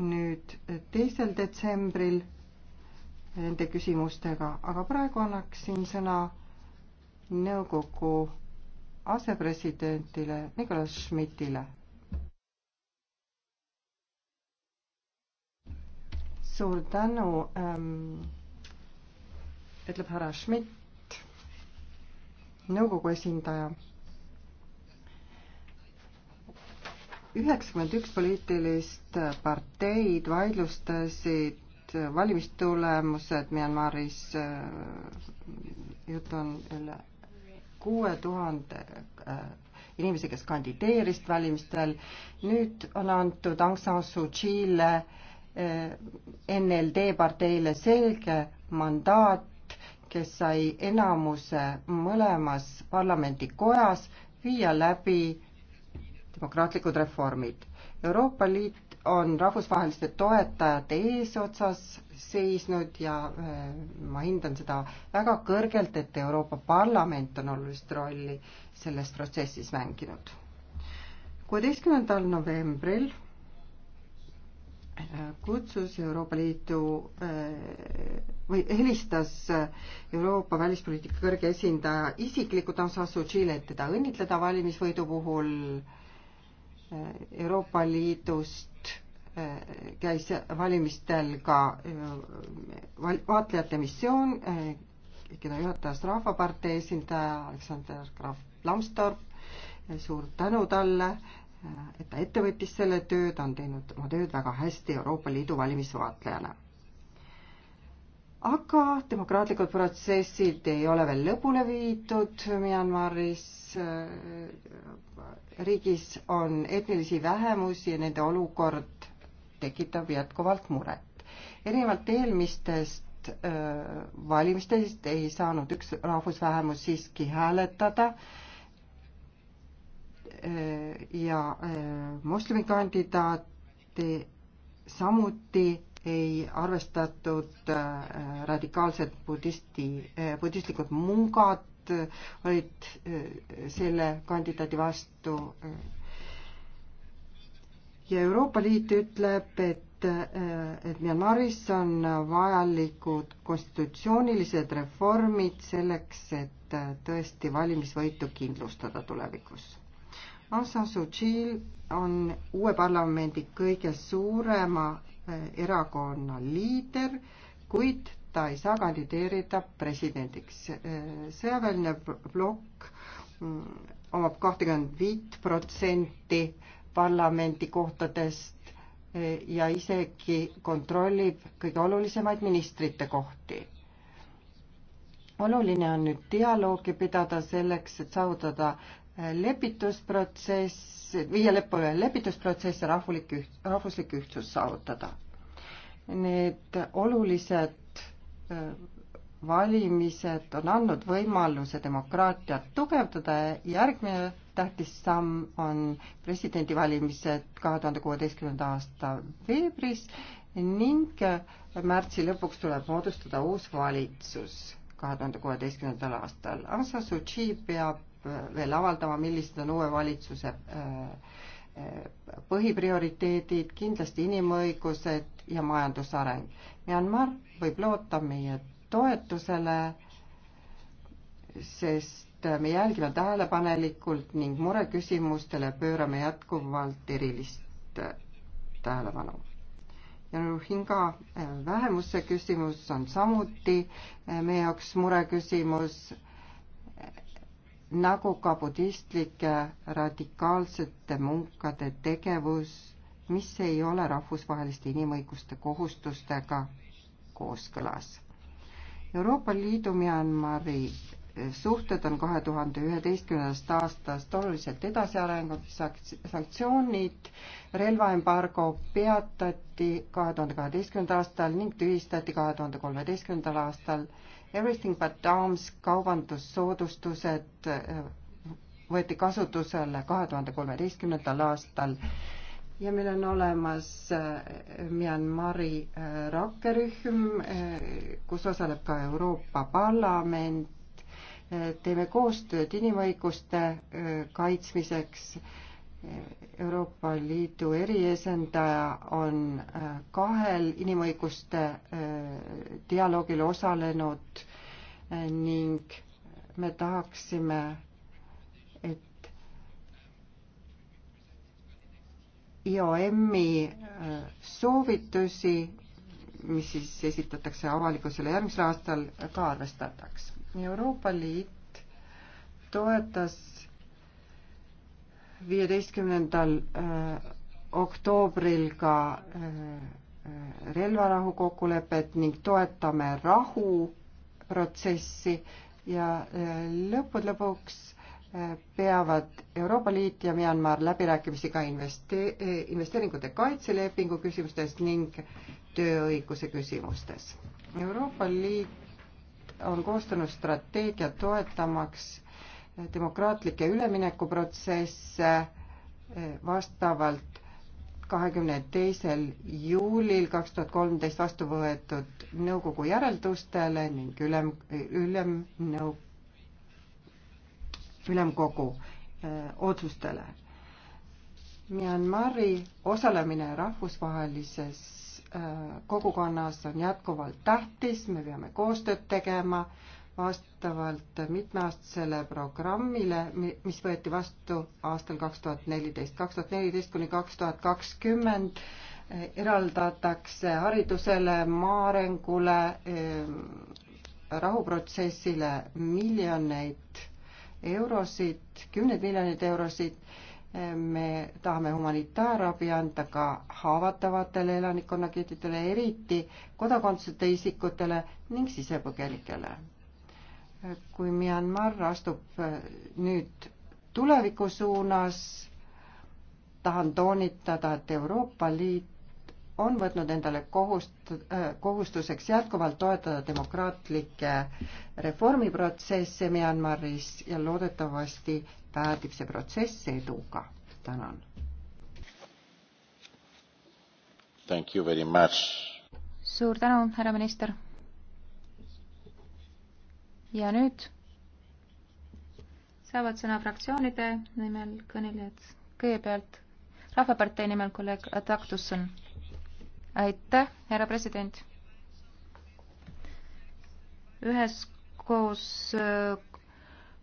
nüüd teisel detsembril nende küsimustega, aga praegu annaksin sõna nõukogu asepresidentile Nicolas Schmidtile. suur tänu ähm,, ütleb härra Schmidt, nõukogu esindaja üheksakümmend üks poliitilist parteid vaidlustasid valimistulemused Myanmaris. jutt on üle kuue tuhande äh, inimese, kes kandideerisid valimistel. nüüd on antud Aung San Suu Kyi'le, äh, NLD parteile selge mandaat, kes sai enamuse mõlemas parlamendikojas viia läbi demokraatlikud reformid. Euroopa Liit on rahvusvaheliste toetajate eesotsas seisnud ja äh, ma hindan seda väga kõrgelt, et Euroopa Parlament on olulist rolli selles protsessis mänginud. kuueteistkümnendal novembril äh, kutsus Euroopa Liidu äh, või helistas Euroopa välispoliitika kõrge esindaja isiklikult Ansar Sutšile, et teda õnnitleda valimisvõidu puhul Euroopa Liidust äh, käis valimistel ka äh, vaatlejate missioon, äh, keda juhatas Rahvapartei esindaja Aleksander Graf Lambsdorff. suur tänu talle, et ta ette võttis selle töö, ta on teinud oma tööd väga hästi Euroopa Liidu valimisvaatlejana. aga demokraatlikud protsessid ei ole veel lõpule viidud Myanmaris Äh, riigis on etnilisi vähemusi ja nende olukord tekitab jätkuvalt muret. erinevalt eelmistest äh, valimistest ei saanud üks rahvusvähemus siiski hääletada äh, ja moslemi kandidaati samuti ei arvestatud radikaalsed budisti, budistlikud mungad, olid äh, selle kandidaadi vastu. ja Euroopa Liit ütleb, et äh, et Myanmaris on vajalikud konstitutsioonilised reformid selleks, et äh, tõesti valimisvõitu kindlustada tulevikus. Aung San Suu Kyi on uue parlamendi kõige suurema erakonna liider, kuid ta ei saa kandideerida presidendiks. sõjaväeline plokk mm, omab kahtekümmend viit protsenti parlamendikohtadest eh, ja isegi kontrollib kõige olulisemaid ministrite kohti. oluline on nüüd dialoogi pidada selleks, et saavutada eh, lepitusprotsess, viia lõpule lepitusprotsess ja rahvulik üht-, rahvuslik ühtsus saavutada. Need olulised valimised on andnud võimaluse demokraatiat tugevdada ja järgmine tähtis samm on presidendivalimised kahe tuhande kuueteistkümnenda aasta veebruaris ning märtsi lõpuks tuleb moodustada uus valitsus kahe tuhande kuueteistkümnendal aastal. Ansa Suu Kyi peab veel avaldama, millised on uue valitsuse äh, põhiprioriteedid, kindlasti inimõigused ja majandusareng. Myanmar võib loota meie toetusele, sest me jälgime tähelepanelikult ning mureküsimustele pöörame jätkuvalt erilist tähelepanu. ja Rohinga äh, vähemuse küsimus on samuti äh, meie jaoks mureküsimus nagu ka budistlike radikaalsete munkade tegevus, mis ei ole rahvusvaheliste inimõiguste kohustustega kooskõlas. Euroopa Liidu Myanmari suhted on kahe tuhande üheteistkümnendast aastast oluliselt edasi arenenud, sanktsioonid, relvaembargo peatati kahe tuhande kaheteistkümnendal aastal ning tühistati kahe tuhande kolmeteistkümnendal aastal Everything but arms kaubandussoodustused eh, võeti kasutusele kahe tuhande kolmeteistkümnendal aastal ja meil on olemas eh, Myanmari eh, rakkerühm, kus osaleb ka Euroopa Parlament. teeme koostööd inimõiguste kaitsmiseks Euroopa Liidu eriesindaja on äh, kahel inimõiguste äh, dialoogil osalenud äh, ning me tahaksime, et IOM-i soovitusi, mis siis esitatakse avalikkusele järgmisel aastal, ka arvestataks. Euroopa Liit toetas viieteistkümnendal äh, oktoobril ka äh, äh, relvarahu kokkulepet ning toetame rahuprotsessi ja lõppude lõpuks peavad Euroopa Liit ja Myanmar läbirääkimisi ka investe-, investeeringute kaitselepingu küsimustes ning tööõiguse küsimustes. Euroopa Liit on koostanud strateegia toetamaks demokraatlikke üleminekuprotsesse eh, vastavalt kahekümne teisel juulil kaks tuhat kolmteist vastu võetud nõukogu järeldustele ning ülem, ülemnõu, ülemkogu öö, eh, otsustele. Myanmari osalemine rahvusvahelises öö, eh, kogukonnas on jätkuvalt tähtis, me peame koostööd tegema, vastavalt mitmeaastasele programmile, mis võeti vastu aastal kaks tuhat neliteist. kaks tuhat neliteist kuni kaks tuhat kakskümmend eh, eraldatakse haridusele, maaarengule, eh, rahuprotsessile miljoneid eurosid, kümneid miljoneid eurosid. Eh, me tahame humanitaarabi anda ka haavatavatele elanikkonnakihtidele, eriti kodakondsuseta isikutele ning sisepõgenikele kui Myanmar astub äh, nüüd tuleviku suunas, tahan toonitada, et Euroopa Liit on võtnud endale kohust-, äh, kohustuseks jätkuvalt toetada demokraatlikke reformiprotsesse Myanmaris ja loodetavasti päädib see protsess eduga. tänan. suur tänu, härra minister ja nüüd saavad sõna fraktsioonide nimel kõnelejad. kõigepealt Rahvapartei nimel kolleeg Adaktusson. aitäh, härra president. üheskoos äh,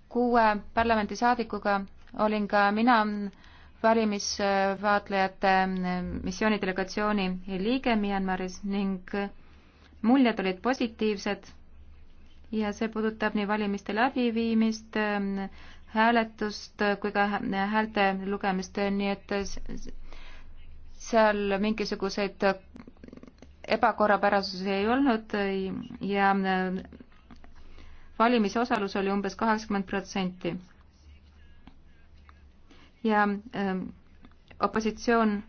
kuue parlamendisaadikuga olin ka mina valimisvaatlejate äh, missioonidelegatsiooni liige Myanmaris ning muljed olid positiivsed ja see puudutab nii valimiste läbiviimist, ähm, hääletust kui ka häälte lugemist, nii et seal mingisuguseid ebakorrapärasusi ei olnud ja äh, valimisosalus oli umbes kaheksakümmend protsenti. ja öö, ähm, opositsioon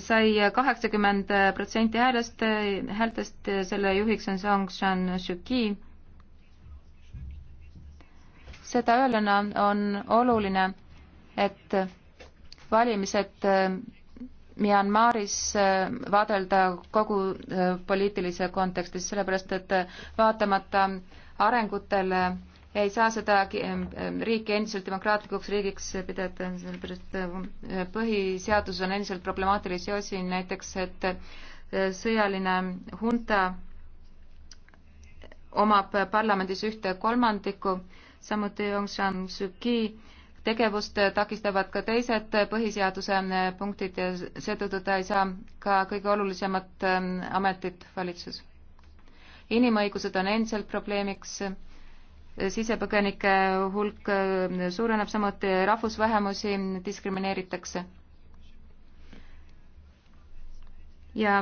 sai kaheksakümmend protsenti häälest, häältest, selle juhiks on Song San Suu Kyi. seda öelnuna on oluline, et valimised Myanmaris vaadelda kogu äh, poliitilise kontekstis, sellepärast et vaatamata arengutele ei saa seda ähm, ähm, riiki endiselt demokraatlikuks riigiks pidada, sellepärast äh, põhiseadus on endiselt problemaatilisi osi, näiteks et äh, sõjaline hunta omab parlamendis ühte kolmandikku, samuti Aung San Suu Kyi tegevust takistavad ka teised põhiseaduse äh, punktid ja seetõttu ta ei saa ka kõige olulisemat ähm, ametit valitsus. inimõigused on endiselt probleemiks sisepõgenike hulk suureneb, samuti rahvusvähemusi diskrimineeritakse. ja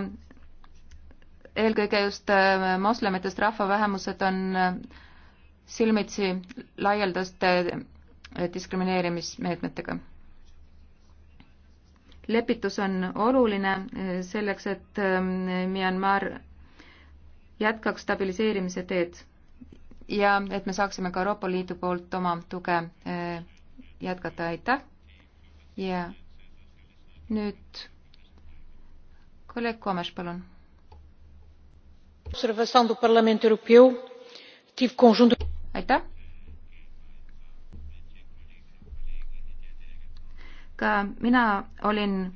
eelkõige just äh, moslemitest rahvavähemused on äh, silmitsi laialdaste äh, diskrimineerimismeetmetega. lepitus on oluline selleks, et ähm, Myanmar jätkaks stabiliseerimise teed ja et me saaksime ka Euroopa Liidu poolt oma tuge eh, jätkata, aitäh. ja nüüd kolleeg Komes, palun. aitäh. ka mina olin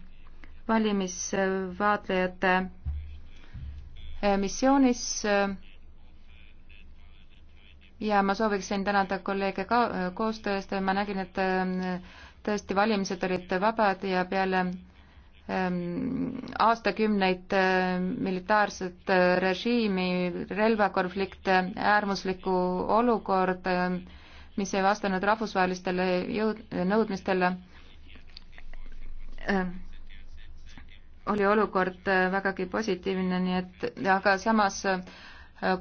valimisvaatlejate eh, missioonis eh, ja ma sooviksin tänada kolleege ka äh, koostöö eest, ma nägin, et äh, tõesti valimised olid vabad ja peale ähm, aastakümneid äh, militaarset režiimi, relvakonflikte, äärmuslikku olukorda, mis ei vastanud rahvusvahelistele jõud-, nõudmistele, oli olukord vägagi positiivne, nii et aga samas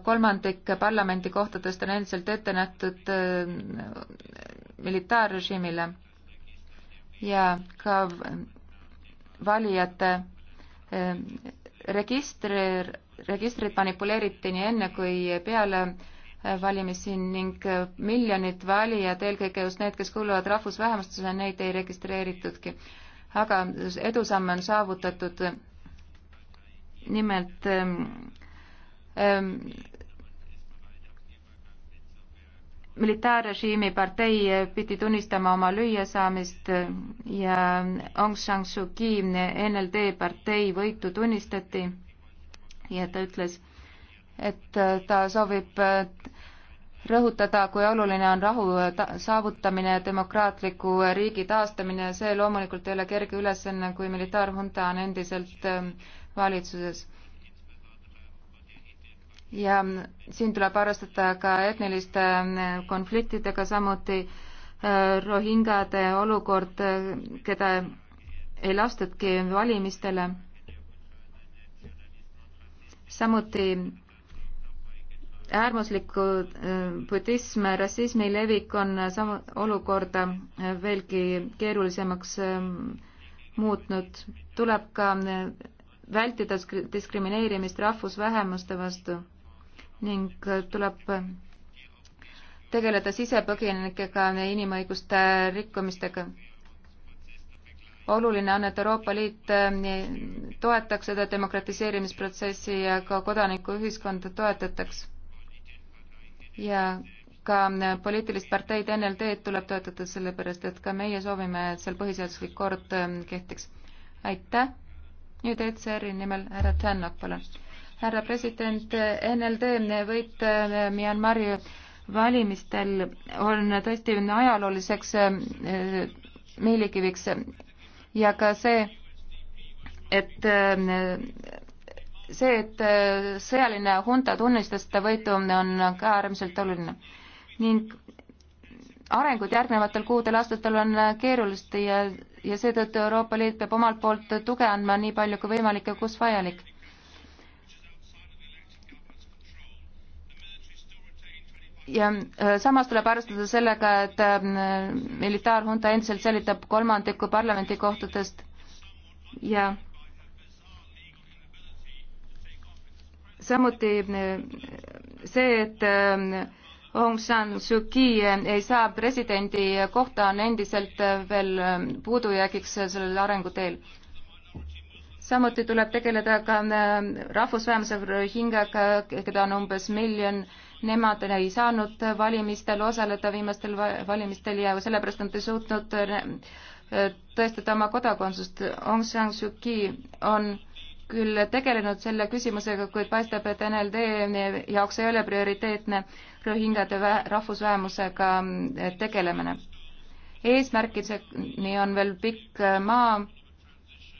kolmandik parlamendikohtadest on endiselt ette nähtud äh, militaarrežiimile ja ka valijate äh, registri, registrit manipuleeriti nii enne kui peale äh, valimisi ning miljonid valijad, eelkõige just need, kes kuuluvad rahvusvähemustusele, neid ei registreeritudki. aga edusamme on saavutatud nimelt ähm, Ähm, militaarrežiimi partei äh, pidi tunnistama oma lüüasaamist äh, ja Aung San Suu Kyi äh, NLD partei võitu tunnistati ja ta ütles, et ta soovib rõhutada, kui oluline on rahu saavutamine ja demokraatliku riigi taastamine ja see loomulikult ei ole kerge ülesanne, kui militaarhunta on endiselt valitsuses ja siin tuleb arvestada ka etniliste ähm, konfliktidega, samuti äh, rohingade olukord, äh, keda ei lastudki valimistele. samuti äärmusliku äh, budism, rassismi levik on sama, olukorda veelgi keerulisemaks ähm, muutnud. tuleb ka vältida diskrimineerimist rahvusvähemuste vastu ning tuleb tegeleda sisepõgenikega ja inimõiguste rikkumistega. oluline on, et Euroopa Liit eh, toetaks seda demokratiseerimisprotsessi ja ka kodanikuühiskonda toetataks. ja ka eh, poliitilist parteid NLD-d tuleb toetada, sellepärast et ka meie soovime, et seal põhiseaduslik kord eh, kehtiks. aitäh! nüüd ECR-i nimel härra Tänak, palun! härra president, NLD võit äh, Myanmari valimistel on tõesti ajalooliseks äh, meelikiviks ja ka see, et äh, see, et sõjaline hunta tunnistas seda võitu, on ka äärmiselt oluline ning arengud järgnevatel kuudel aastatel on keerulised ja, ja seetõttu Euroopa Liit peab omalt poolt tuge andma nii palju kui võimalik ja kus vajalik ja äh, samas tuleb arvestada sellega, et äh, militaarhunta endiselt säilitab kolmandiku parlamendikohtadest ja samuti äh, see, et Aung San Suu Kyi ei saa presidendi kohta, on endiselt veel puudujäägiks sellel arenguteel. samuti tuleb tegeleda ka rahvusvähemuse hingaga, keda on umbes miljon nemad ei saanud valimistel osaleda viimastel valimistel ja sellepärast nad ei suutnud eh, tõestada oma kodakondsust. Aung San Suu Kyi on küll tegelenud selle küsimusega, kuid paistab, et NLD jaoks ei ole prioriteetne rohingade rahvusvähemusega eh, tegelemine. eesmärkideni on veel pikk eh, maa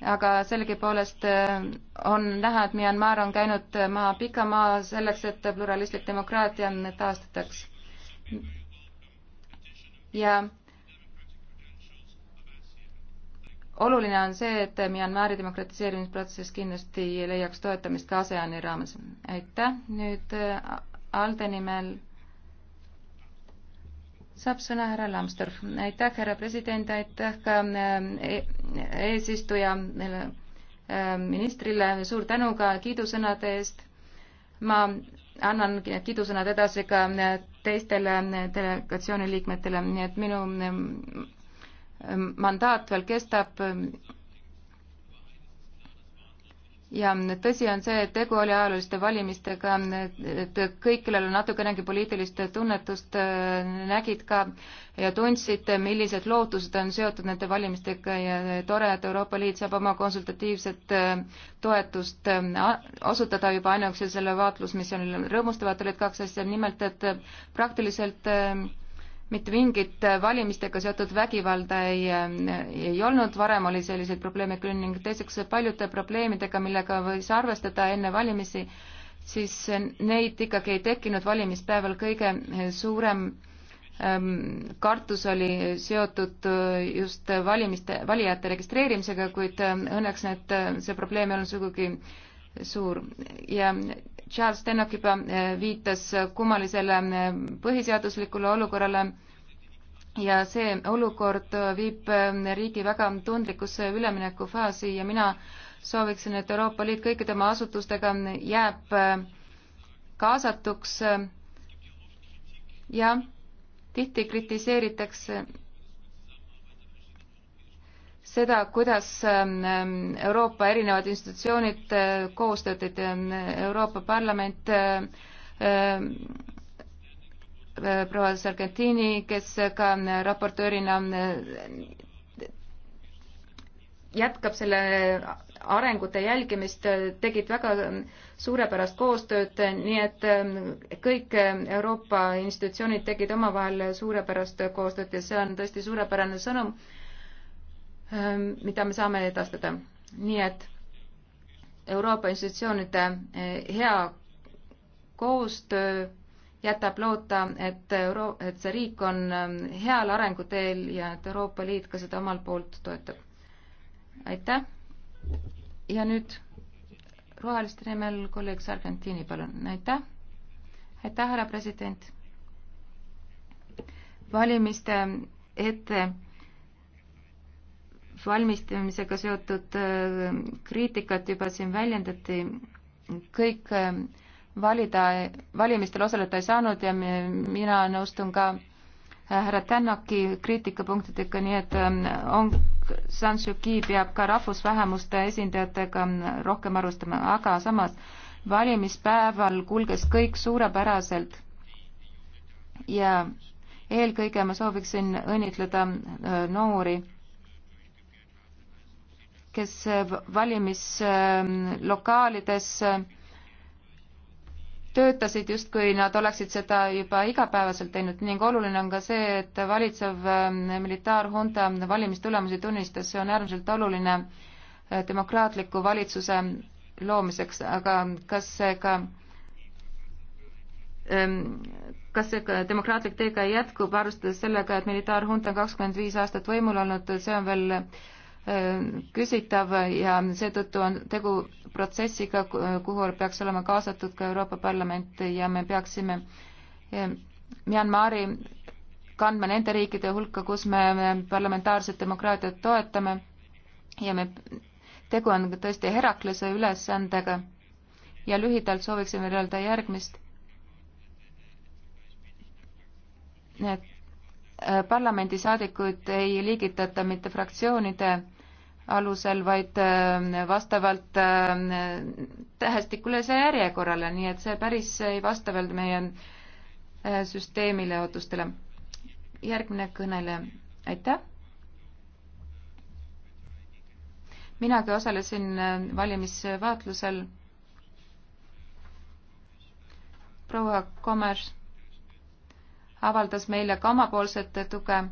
aga sellegipoolest äh, on näha, et Myanmar on käinud äh, maa pika maa selleks, et pluralistlik demokraatia taastataks. ja oluline on see, et Myanmari demokratiseerimisprotsess kindlasti leiaks toetamist ka ASEAN-i raames. aitäh, nüüd äh, Alde nimel saab sõna härra Lamstorf. aitäh, härra president, aitäh ka äh, e-, eesistuja äh, ministrile, suur tänu ka kiidusõnade eest. ma annan kiidusõnad edasi ka äh, teistele delegatsiooni liikmetele, nii et minu mandaat veel kestab ja tõsi on see, et tegu oli ajalooliste valimistega, et kõik, kellel on natukenegi poliitilist tunnetust, nägid ka ja tundsid, millised lootused on seotud nende valimistega ja tore, et Euroopa Liit saab oma konsultatiivset toetust osutada juba ainuüksi selle vaatlusmissioonile. rõõmustavat olid kaks asja, nimelt et praktiliselt mitte mingit valimistega seotud vägivalda ei, äh, ei olnud, varem oli selliseid probleeme küll ning teiseks paljude probleemidega, millega võis arvestada enne valimisi, siis neid ikkagi ei tekkinud valimispäeval, kõige äh, suurem ähm, kartus oli seotud äh, just valimiste, valijate registreerimisega, kuid õnneks need, see probleem ei olnud sugugi suur ja Charles Stenok juba äh, viitas äh, kummalisele äh, põhiseaduslikule olukorrale ja see olukord viib riigi väga tundlikusse üleminekufaasi ja mina sooviksin, et Euroopa Liit kõikide oma asutustega jääb kaasatuks ja tihti kritiseeritakse seda, kuidas ähm, ähm, Euroopa erinevad institutsioonid äh, koostööd teed, ähm, Euroopa Parlament, äh, äh, proua Sargentini, kes ka raportöörina jätkab selle arengute jälgimist, tegid väga suurepärast koostööd, nii et kõik Euroopa institutsioonid tegid omavahel suurepärast koostööd ja see on tõesti suurepärane sõnum Ähm, mida me saame edastada. nii et Euroopa institutsioonide äh, hea koostöö jätab loota, et euro-, et see riik on ähm, heal arenguteel ja et Euroopa Liit ka seda omalt poolt toetab. aitäh ja nüüd roheliste nimel kolleeg Sargentini, palun, aitäh. aitäh, härra president. valimiste ette valmistamisega seotud äh, kriitikat juba siin väljendati, kõik äh, valida, valimistel osaleda ei saanud ja mina nõustun ka äh, härra Tänaki kriitikapunktidega, nii et on, ähm, San Suu Kyi peab ka rahvusvähemuste esindajatega rohkem arvestama, aga samas valimispäeval kulges kõik suurepäraselt ja eelkõige ma sooviksin õnnitleda noori kes äh, valimislokaalides ähm, äh, töötasid justkui nad oleksid seda juba igapäevaselt teinud ning oluline on ka see, et valitsev ähm, militaarhunta valimistulemusi tunnistas, see on äärmiselt oluline äh, demokraatliku valitsuse loomiseks, aga kas see ka ähm, kas see ka demokraatlik tee ka jätkub, arvestades sellega, et militaarhunta on kakskümmend viis aastat võimul olnud, see on veel küsitav ja seetõttu on tegu protsessiga, kuhu peaks olema kaasatud ka Euroopa Parlament ja me peaksime eh, Myanmari kandma nende riikide hulka, kus me parlamentaarset demokraatiat toetame ja me, tegu on tõesti Heraklase ülesandega ja lühidalt sooviksin veel öelda järgmist. Need eh, parlamendisaadikuid ei liigitata mitte fraktsioonide alusel, vaid ähm, vastavalt ähm, tähestikulisele järjekorrale, nii et see päris ei vasta veel meie äh, süsteemile ja ootustele. järgmine kõneleja, aitäh. minagi osalesin äh, valimisvaatlusel. proua Komers avaldas meile ka omapoolset tuge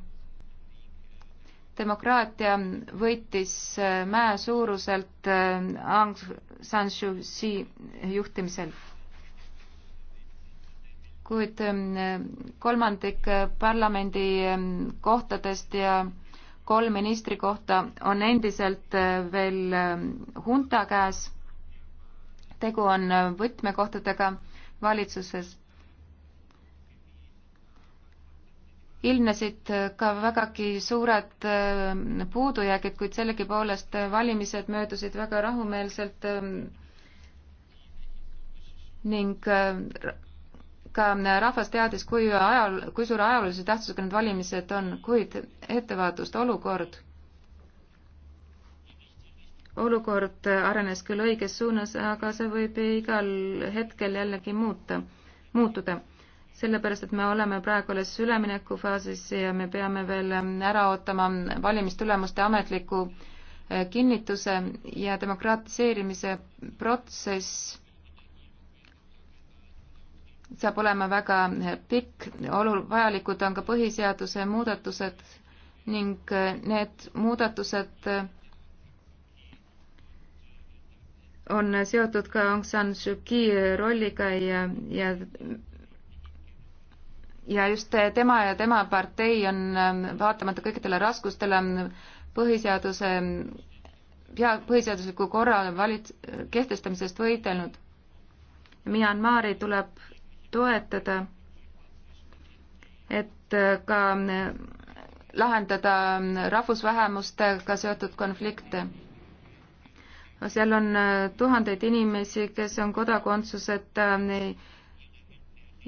demokraatia võitis äh, mäe suuruselt äh, Aung San Suu Kyi juhtimisel. kuid ähm, kolmandik äh, parlamendi ähm, kohtadest ja kolm ministri kohta on endiselt veel ähm, hunta käes. tegu on võtmekohtadega valitsuses ilmnesid ka vägagi suured äh, puudujäägid, kuid sellegipoolest valimised möödusid väga rahumeelselt äh, ning äh, ka rahvas teadis, kui ajal, kui suure ajaloolise tähtsusega need valimised on, kuid ettevaatust olukord, olukord arenes küll õiges suunas, aga see võib igal hetkel jällegi muuta, muutuda sellepärast, et me oleme praegu alles üleminekufaasis ja me peame veel ähm, ära ootama valimistulemuste ametliku äh, kinnituse ja demokratiseerimise protsess saab olema väga äh, pikk, olul-, vajalikud on ka põhiseaduse muudatused ning äh, need muudatused on seotud ka Aung San Suu Kyi rolliga ja, ja ja just tema ja tema partei on ähm, vaatamata kõikidele raskustele ähm, põhiseaduse ja ähm, põhiseadusliku korra valits-, kehtestamisest võidelnud. Myanmari tuleb toetada, et äh, ka äh, lahendada rahvusvähemustega seotud konflikte. seal on äh, tuhandeid inimesi, kes on kodakondsuseta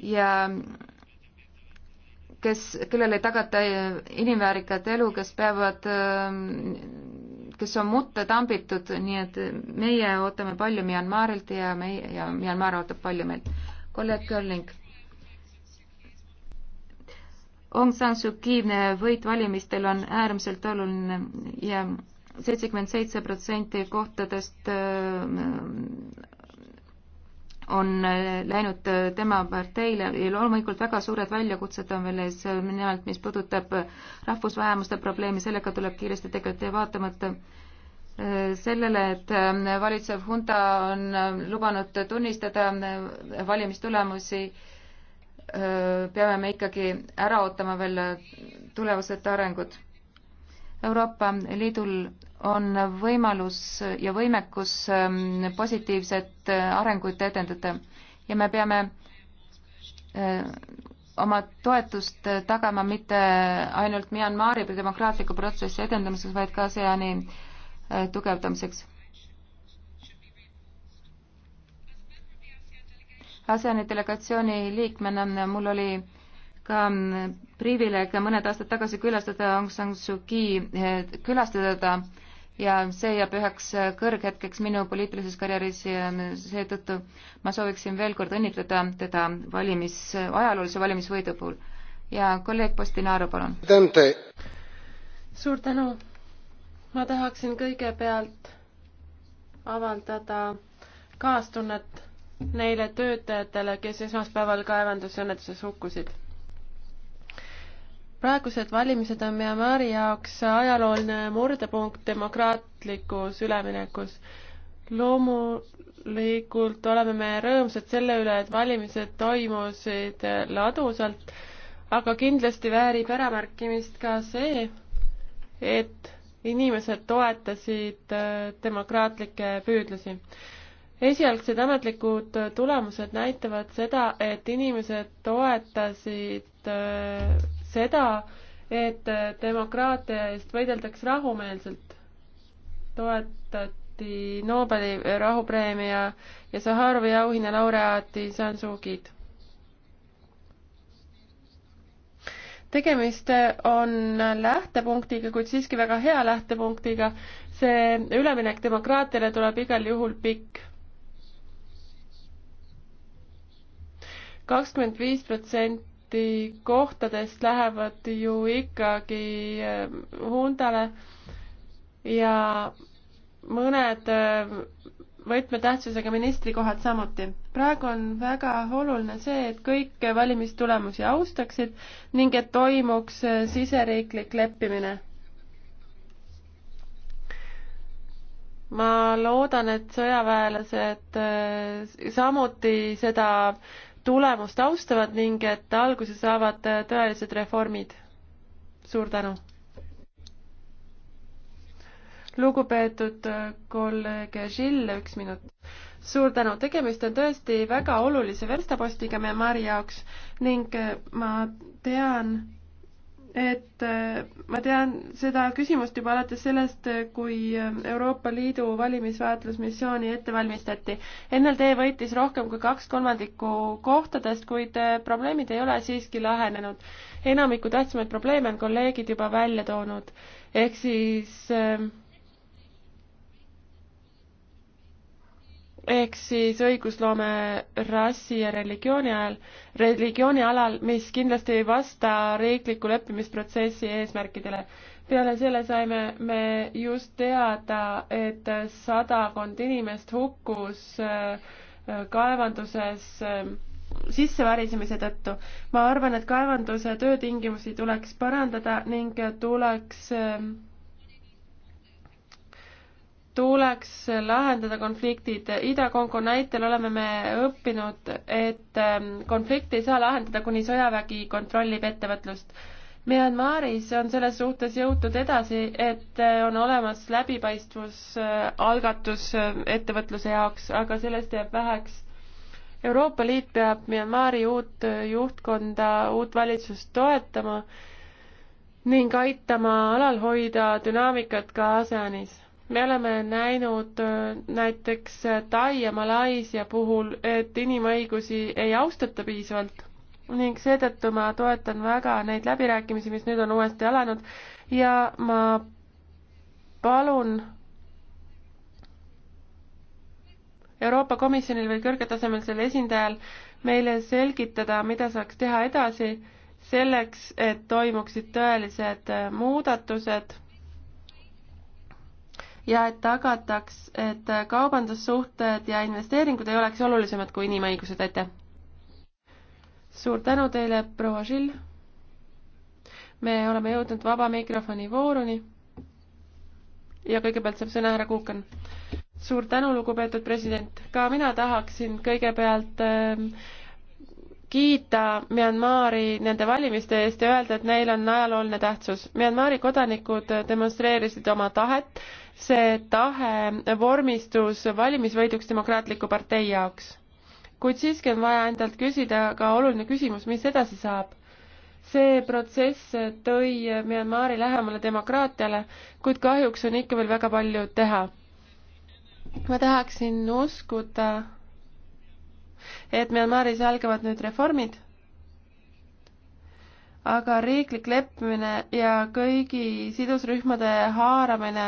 ja kes, kellele ei tagata inimväärikat elu, kes peavad, kes on mutta tambitud, nii et meie ootame palju Myanmarilt ja meie ja Myanmar ootab palju meilt. kolleeg Körling. Aung San Suu Kyi võit valimistel on äärmiselt oluline ja seitsekümmend seitse protsenti kohtadest on äh, läinud äh, tema parteile ja loomulikult väga suured väljakutsed on veel ees, nimelt mis puudutab äh, rahvusvähemuste probleemi, sellega tuleb kiiresti tegeleda ja vaatamata sellele, et valitsev hunta on lubanud tunnistada valimistulemusi, peame me ikkagi ära ootama veel tulevased arengud. Euroopa Liidul on võimalus ja võimekus ähm, positiivset äh, arengut edendada ja me peame äh, oma toetust äh, tagama mitte ainult Myanmari demokraatliku protsessi edendamiseks, vaid ka seani tugevdamiseks. ASEANi delegatsiooni liikmena mul oli ka ähm, privileeg mõned aastad tagasi külastada Aung San Suu Kyi, külastada ta ja see jääb üheks kõrghetkeks minu poliitilises karjääris ja seetõttu ma sooviksin veel kord õnnitleda teda valimis, ajaloolise valimisvõidu puhul. ja kolleeg Postinaru, palun. suur tänu. ma tahaksin kõigepealt avaldada kaastunnet neile töötajatele, kes esmaspäeval kaevandusõnnetuses hukkusid praegused valimised on Myanmari jaoks ajalooline murdepunkt demokraatlikus üleminekus. loomulikult oleme me rõõmsad selle üle, et valimised toimusid ladusalt, aga kindlasti väärib äramärkimist ka see, et inimesed toetasid äh, demokraatlikke püüdlusi esialgsed ametlikud tulemused näitavad seda, et inimesed toetasid äh, seda, et demokraatia eest võideldaks rahumeelselt. toetati Nobeli rahupreemia ja Saharovi auhinna laureaati Sansugid. tegemist on lähtepunktiga, kuid siiski väga hea lähtepunktiga. see üleminek demokraatiale tuleb igal juhul pikk kakskümmend viis protsenti ametikohtadest lähevad ju ikkagi eh, hundale ja mõned eh, võtmetähtsusega ministrikohad samuti. praegu on väga oluline see, et kõik valimistulemusi austaksid ning et toimuks eh, siseriiklik leppimine. ma loodan, et sõjaväelased samuti seda tulemust austavad ning et alguse saavad äh, tõelised reformid. suur tänu! lugupeetud äh, kolleeg Žill, üks minut. suur tänu, tegemist on tõesti väga olulise verstapostiga meie Mari jaoks ning äh, ma tean, et äh, ma tean seda küsimust juba alates sellest, kui äh, Euroopa Liidu valimisvaatlusmissiooni ette valmistati. NLD võitis rohkem kui kaks kolmandikku kohtadest, kuid äh, probleemid ei ole siiski lahenenud. enamiku tähtsamaid probleeme on kolleegid juba välja toonud. ehk siis äh, ehk siis õigusloome rassi ja religiooni ajal, religiooni alal, mis kindlasti ei vasta riikliku leppimisprotsessi eesmärkidele. peale selle saime me just teada, et sadakond inimest hukkus äh, kaevanduses äh, sissevärisemise tõttu. ma arvan, et kaevanduse töötingimusi tuleks parandada ning tuleks äh, tuleks lahendada konfliktid. Ida-Kongo näitel oleme me õppinud, et ähm, konflikti ei saa lahendada, kuni sõjavägi kontrollib ettevõtlust. Myanmaris on selles suhtes jõutud edasi, et äh, on olemas läbipaistvusalgatus äh, äh, ettevõtluse jaoks, aga sellest jääb väheks. Euroopa Liit peab Myanmari uut juhtkonda, uut valitsust toetama ning aitama alal hoida dünaamikat ka ASEANis me oleme näinud äh, näiteks äh, Tai ja Malaisia puhul, et inimõigusi ei austata piisavalt ning seetõttu ma toetan väga neid läbirääkimisi, mis nüüd on uuesti alanud ja ma palun Euroopa Komisjonil või kõrgetasemelisel esindajal meile selgitada, mida saaks teha edasi selleks, et toimuksid tõelised äh, muudatused ja et tagataks, et kaubandussuhted ja investeeringud ei oleks olulisemad kui inimõigused, aitäh! suur tänu teile, proua Žill! me oleme jõudnud vaba mikrofoni vooruni ja kõigepealt saab sõna härra Kuukan. suur tänu, lugupeetud president, ka mina tahaksin kõigepealt äh, kiita Myanmari nende valimiste eest ja öelda, et neil on ajalooline tähtsus. Myanmari kodanikud demonstreerisid oma tahet, see tahe vormistus valimisvõiduks Demokraatliku partei jaoks. kuid siiski on vaja endalt küsida ka oluline küsimus, mis edasi saab? see protsess tõi Myanmari lähemale demokraatiale, kuid kahjuks on ikka veel väga palju teha. ma tahaksin uskuda et Myanmaris algavad nüüd reformid, aga riiklik leppimine ja kõigi sidusrühmade haaramine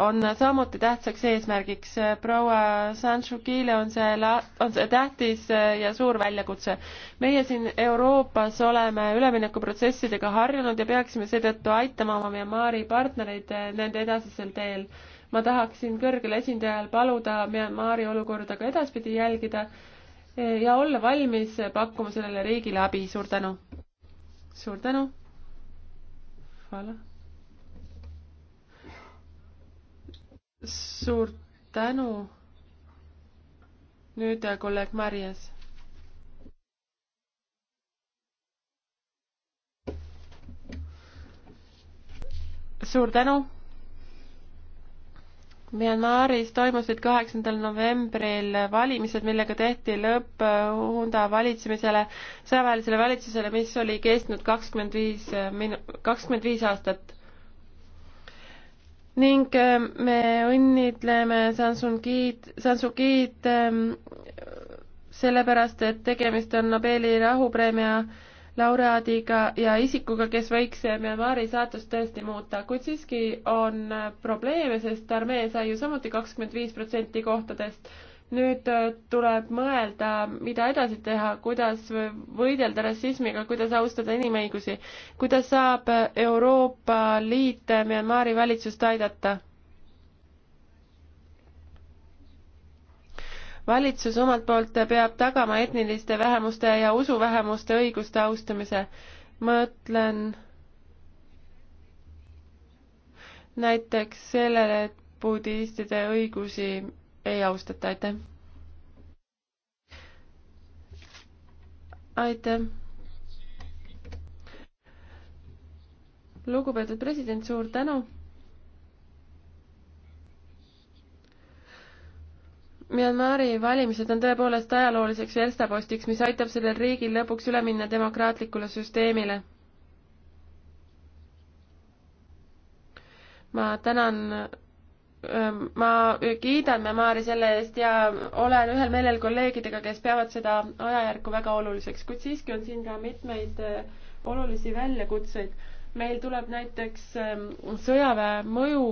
on samuti tähtsaks eesmärgiks. proua Sanchukile on see la-, on see tähtis ja suur väljakutse. meie siin Euroopas oleme üleminekuprotsessidega harjunud ja peaksime seetõttu aitama oma Myanmari partnereid nende edasisel teel. ma tahaksin kõrgel esindajal paluda Myanmari olukorda ka edaspidi jälgida ja olla valmis pakkuma sellele riigile abi. suur tänu. suur tänu. suur tänu. nüüd äh, kolleeg Marjas. suur tänu Myanmaris toimusid kaheksandal novembril valimised, millega tehti lõpp Hunda valitsemisele, sõjaväelisele valitsusele, mis oli kestnud kakskümmend viis minu-, kakskümmend viis aastat. ning ähm, me õnnitleme Sansungiid, Sansugiid ähm, sellepärast, et tegemist on Nobeli rahupreemia laureaadiga ja isikuga, kes võiks Myanmari saatust tõesti muuta, kuid siiski on probleeme, sest armee sai ju samuti kakskümmend viis protsenti kohtadest nüüd äh, tuleb mõelda, mida edasi teha, kuidas võidelda rassismiga, kuidas austada inimõigusi, kuidas saab Euroopa Liit Myanmari valitsust aidata valitsus omalt poolt peab tagama etniliste vähemuste ja usuvähemuste õiguste austamise. mõtlen näiteks sellele, et budistide õigusi ei austata, aitäh. aitäh. lugupeetud president, suur tänu Myanmari valimised on tõepoolest ajalooliseks verstapostiks, mis aitab sellel riigil lõpuks üle minna demokraatlikule süsteemile. ma tänan, ähm, ma kiidan Myanmari selle eest ja olen ühel meelel kolleegidega, kes peavad seda ajajärku väga oluliseks, kuid siiski on siin ka mitmeid äh, olulisi väljakutseid meil tuleb näiteks ähm, sõjaväe mõju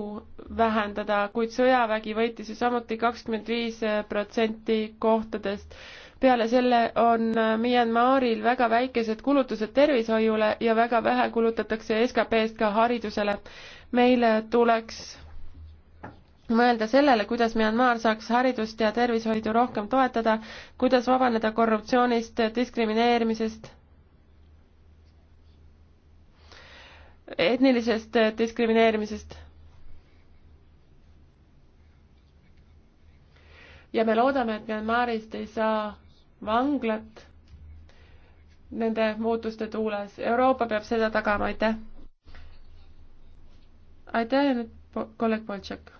vähendada, kuid sõjavägi võitis ju samuti kakskümmend viis protsenti kohtadest. peale selle on äh, Myanmaril väga väikesed kulutused tervishoiule ja väga vähe kulutatakse SKP-st ka haridusele. meil äh, tuleks mõelda sellele, kuidas Myanmar saaks haridust ja tervishoidu rohkem toetada, kuidas vabaneda korruptsioonist, diskrimineerimisest etnilisest diskrimineerimisest. ja me loodame, et Myanmarist ei saa vanglat nende muutuste tuules. Euroopa peab seda tagama, aitäh. aitäh ja nüüd kolleeg Boltšak.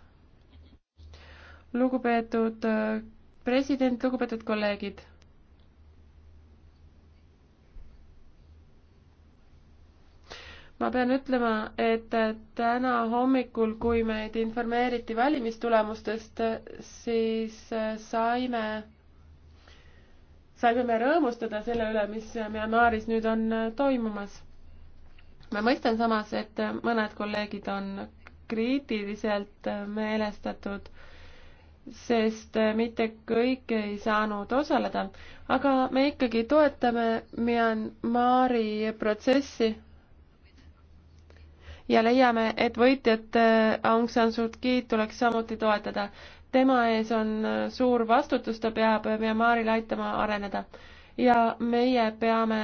lugupeetud äh, president, lugupeetud kolleegid ma pean ütlema, et täna hommikul, kui meid informeeriti valimistulemustest, siis saime, saime me rõõmustada selle üle, mis Myanmaris nüüd on toimumas. ma mõistan samas, et mõned kolleegid on kriitiliselt meelestatud, sest mitte kõik ei saanud osaleda, aga me ikkagi toetame Myanmari protsessi ja leiame, et võitjat äh, Aung San Suu Kyi tuleks samuti toetada. tema ees on äh, suur vastutus, ta peab Myanmaril aitama areneda ja meie peame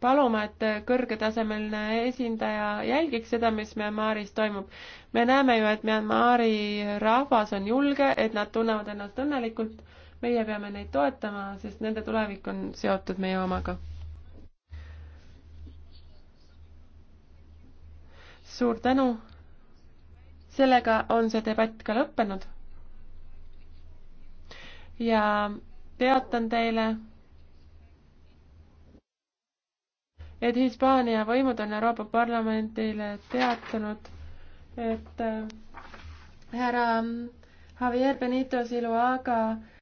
paluma, et kõrgetasemeline esindaja jälgiks seda, mis Myanmaris toimub. me näeme ju, et Myanmari rahvas on julge, et nad tunnevad ennast õnnelikult. meie peame neid toetama, sest nende tulevik on seotud meie omaga suur tänu. sellega on see debatt ka lõppenud. ja teatan teile, et Hispaania võimud on Euroopa Parlamendile teatanud, et äh, härra Javier Benito Siluaga